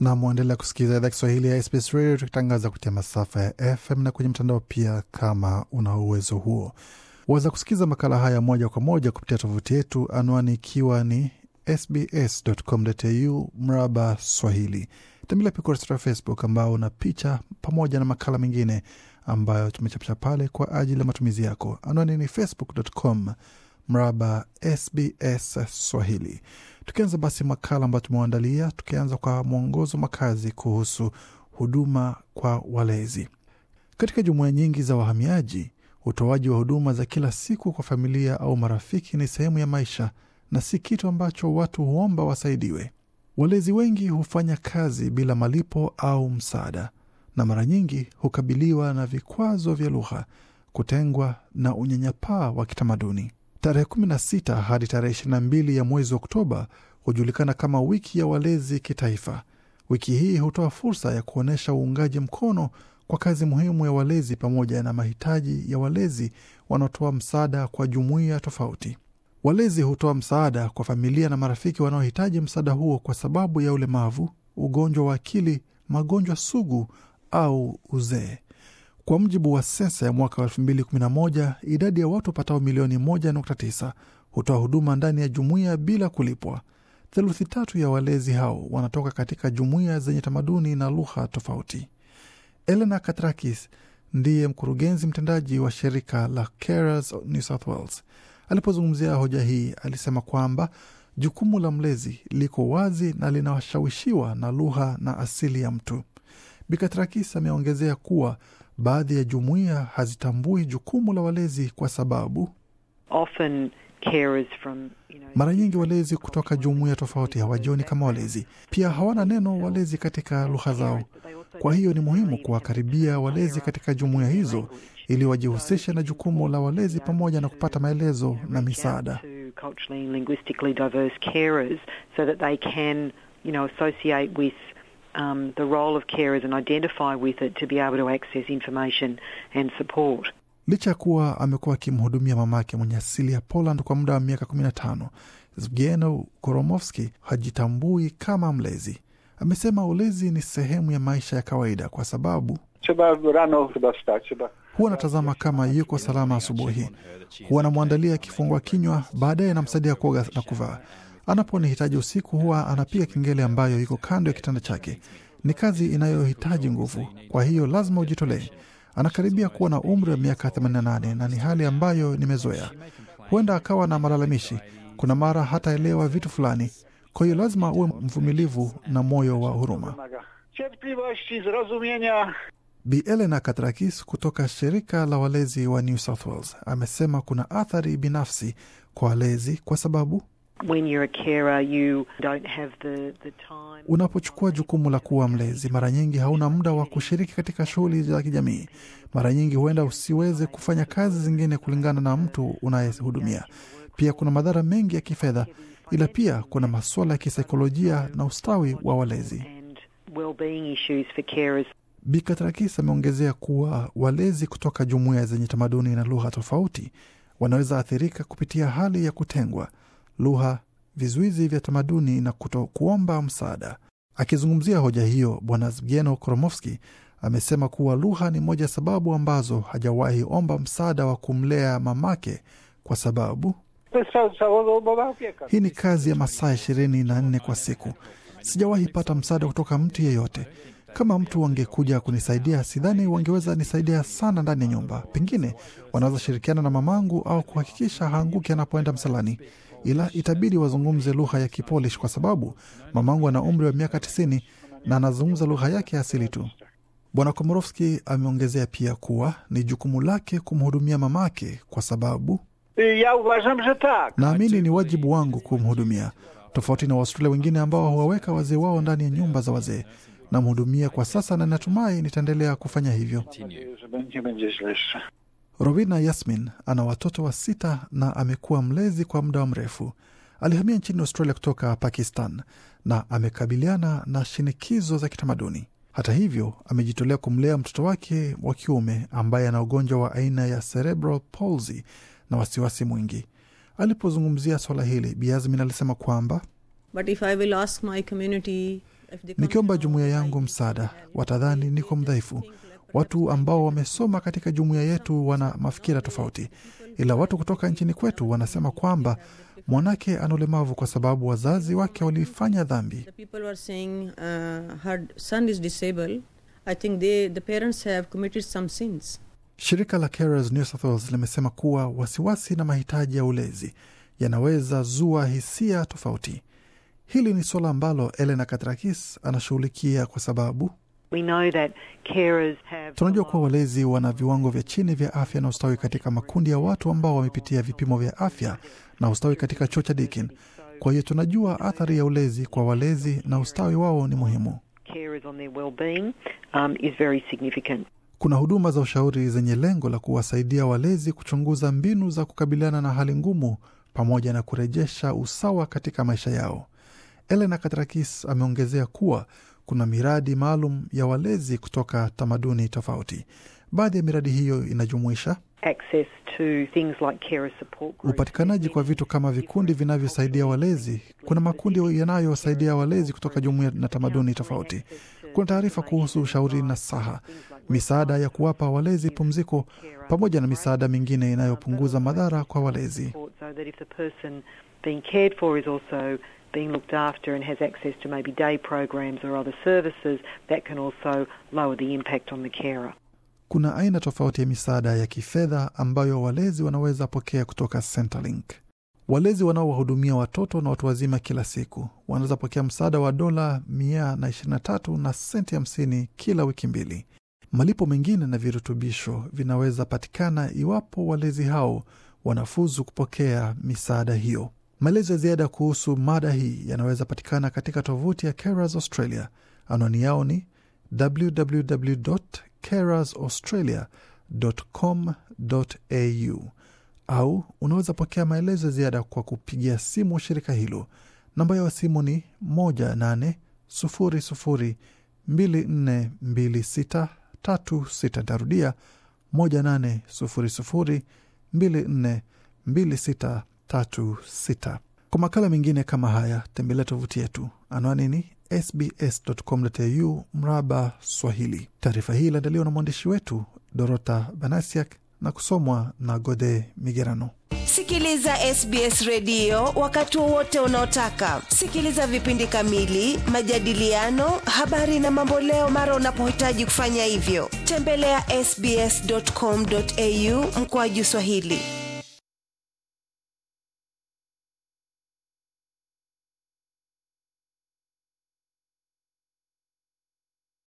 na mwendelea kusikiliza idhaa Kiswahili ya SBS Radio tukitangaza kupitia masafa ya FM na kwenye mtandao pia. Kama una uwezo huo, waweza kusikiliza makala haya moja kwa moja kupitia tovuti yetu, anwani ikiwa ni sbs.com.au mraba Swahili. Tembelea pia ukurasa wa Facebook ambao una picha pamoja na makala mengine ambayo tumechapisha pale kwa ajili ya matumizi yako. Anwani ni facebook.com mraba SBS Swahili. Tukianza basi makala ambayo tumewaandalia, tukianza kwa mwongozo makazi kuhusu huduma kwa walezi. Katika jumuiya nyingi za wahamiaji, utoaji wa huduma za kila siku kwa familia au marafiki ni sehemu ya maisha na si kitu ambacho watu huomba wasaidiwe. Walezi wengi hufanya kazi bila malipo au msaada, na mara nyingi hukabiliwa na vikwazo vya lugha, kutengwa na unyanyapaa wa kitamaduni. Tarehe 16 hadi tarehe 22 ya mwezi Oktoba hujulikana kama wiki ya walezi kitaifa. Wiki hii hutoa fursa ya kuonyesha uungaji mkono kwa kazi muhimu ya walezi pamoja na mahitaji ya walezi wanaotoa msaada kwa jumuiya tofauti. Walezi hutoa msaada kwa familia na marafiki wanaohitaji msaada huo kwa sababu ya ulemavu, ugonjwa wa akili, magonjwa sugu au uzee. Kwa mjibu wa sensa ya mwaka wa 2011, idadi ya watu wapatao milioni 1.9 hutoa huduma ndani ya jumuiya bila kulipwa. Theluthi tatu ya walezi hao wanatoka katika jumuiya zenye tamaduni na lugha tofauti. Elena Katrakis ndiye mkurugenzi mtendaji wa shirika la Carers New South Wales. Alipozungumzia hoja hii, alisema kwamba jukumu la mlezi liko wazi na linawashawishiwa na lugha na asili ya mtu. Bikatrakis ameongezea kuwa baadhi ya jumuiya hazitambui jukumu la walezi kwa sababu Often mara nyingi walezi kutoka jumuiya tofauti hawajioni kama walezi, pia hawana neno walezi katika lugha zao. Kwa hiyo ni muhimu kuwakaribia walezi katika jumuiya hizo ili wajihusishe na jukumu la walezi pamoja na kupata maelezo na misaada. So that they can, you know, associate with um, the role of carers and identify with it to be able to access information and support. Licha ya kuwa amekuwa akimhudumia mamake mwenye asili ya Poland kwa muda wa miaka 15, na tano, Zbigniew Koromovski hajitambui kama mlezi. Amesema ulezi ni sehemu ya maisha ya kawaida kwa sababu huwa anatazama kama yuko salama asubuhi, huwa anamwandalia kifungua kinywa, baadaye anamsaidia kuoga na kuvaa. Anaponihitaji usiku, huwa anapiga kengele ambayo iko kando ya kitanda chake. Ni kazi inayohitaji nguvu, kwa hiyo lazima ujitolee. Anakaribia kuwa na umri wa miaka 88 na ni hali ambayo nimezoea. Huenda akawa na malalamishi, kuna mara hataelewa vitu fulani, kwa hiyo lazima uwe mvumilivu na moyo wa huruma. Bi Elena Katrakis kutoka shirika la walezi wa New South Wales amesema kuna athari binafsi kwa walezi kwa sababu Unapochukua jukumu la kuwa mlezi, mara nyingi hauna muda wa kushiriki katika shughuli za kijamii. Mara nyingi huenda usiweze kufanya kazi zingine kulingana na mtu unayehudumia. Pia kuna madhara mengi ya kifedha, ila pia kuna masuala ya kisaikolojia na ustawi wa walezi. bikatrakis ameongezea kuwa walezi kutoka jumuiya zenye tamaduni na lugha tofauti wanaweza athirika kupitia hali ya kutengwa lugha, vizuizi vya tamaduni na kutokuomba msaada. Akizungumzia hoja hiyo, Bwana Zbigniew Koromovsky amesema kuwa lugha ni moja sababu ambazo hajawahi omba msaada wa kumlea mamake kwa sababu hii ni kazi ya masaa ishirini na nne kwa siku. Sijawahi pata msaada kutoka mtu yeyote. Kama mtu wangekuja kunisaidia, sidhani wangeweza nisaidia sana ndani ya nyumba. Pengine wanaweza shirikiana na mamangu au kuhakikisha haanguki anapoenda msalani ila itabidi wazungumze lugha ya Kipolish kwa sababu mamangu ana umri wa miaka tisini na anazungumza lugha yake asili tu. Bwana Komorowski ameongezea pia kuwa ni jukumu lake kumhudumia mamake kwa sababu naamini ni wajibu wangu kumhudumia, tofauti na Waustralia wengine ambao huwaweka wazee wao ndani ya nyumba za wazee. Namhudumia kwa sasa na natumai nitaendelea kufanya hivyo. Rowina Yasmin ana watoto wa sita na amekuwa mlezi kwa muda mrefu. Alihamia nchini Australia kutoka Pakistan na amekabiliana na shinikizo za kitamaduni. Hata hivyo, amejitolea kumlea mtoto wake wa kiume ambaye ana ugonjwa wa aina ya cerebral palsy na wasiwasi mwingi. Alipozungumzia swala hili, Bi alisema kwamba nikiomba jumuiya yangu msaada, watadhani niko mdhaifu Watu ambao wamesoma katika jumuiya yetu wana mafikira tofauti, ila watu kutoka nchini kwetu wanasema kwamba mwanake ana ulemavu kwa sababu wazazi wake walifanya dhambi. Uh, Shirika la Carers New South Wales limesema kuwa wasiwasi na mahitaji ya ulezi yanaweza zua hisia tofauti. Hili ni suala ambalo Elena Katrakis anashughulikia kwa sababu Tunajua kuwa walezi wana viwango vya chini vya afya na ustawi katika makundi ya watu ambao wamepitia vipimo vya afya na ustawi katika chuo cha Deakin. Kwa hiyo tunajua athari ya ulezi kwa walezi na ustawi wao ni muhimu. Um, Kuna huduma za ushauri zenye lengo la kuwasaidia walezi kuchunguza mbinu za kukabiliana na hali ngumu pamoja na kurejesha usawa katika maisha yao. Elena Katrakis ameongezea kuwa kuna miradi maalum ya walezi kutoka tamaduni tofauti. Baadhi ya miradi hiyo inajumuisha upatikanaji kwa vitu kama vikundi vinavyosaidia walezi. Kuna makundi yanayosaidia walezi kutoka jumuiya na tamaduni tofauti. Kuna taarifa kuhusu ushauri na saha, misaada ya kuwapa walezi pumziko, pamoja na misaada mingine inayopunguza madhara kwa walezi being cared for is also being looked after and has access to maybe day programs or other services that can also lower the impact on the carer. Kuna aina tofauti ya misaada ya kifedha ambayo walezi wanaweza pokea kutoka Centrelink. Walezi wanaowahudumia watoto na watu wazima kila siku wanaweza pokea msaada wa dola mia na ishirini na tatu senti kila wiki mbili. Malipo mengine na virutubisho vinaweza patikana iwapo walezi hao wanafuzu kupokea misaada hiyo. Maelezo ya ziada kuhusu mada hii yanaweza patikana katika tovuti ya Carers Australia. Anwani yao ni com au unaweza pokea maelezo ya ziada kwa kupigia simu shirika hilo. Namba ya simu ni 1800242636. tarudia 18002426 tatu Kwa makala mengine kama haya tembelea tovuti yetu anwani ni sbs.com.au mraba Swahili. Taarifa hii iliandaliwa na mwandishi wetu Dorota Banasiak na kusomwa na Gode Migerano. Sikiliza SBS redio wakati wowote unaotaka. Sikiliza vipindi kamili, majadiliano, habari na mamboleo mara unapohitaji kufanya hivyo. Tembelea ya sbs.com.au mkoaju Swahili.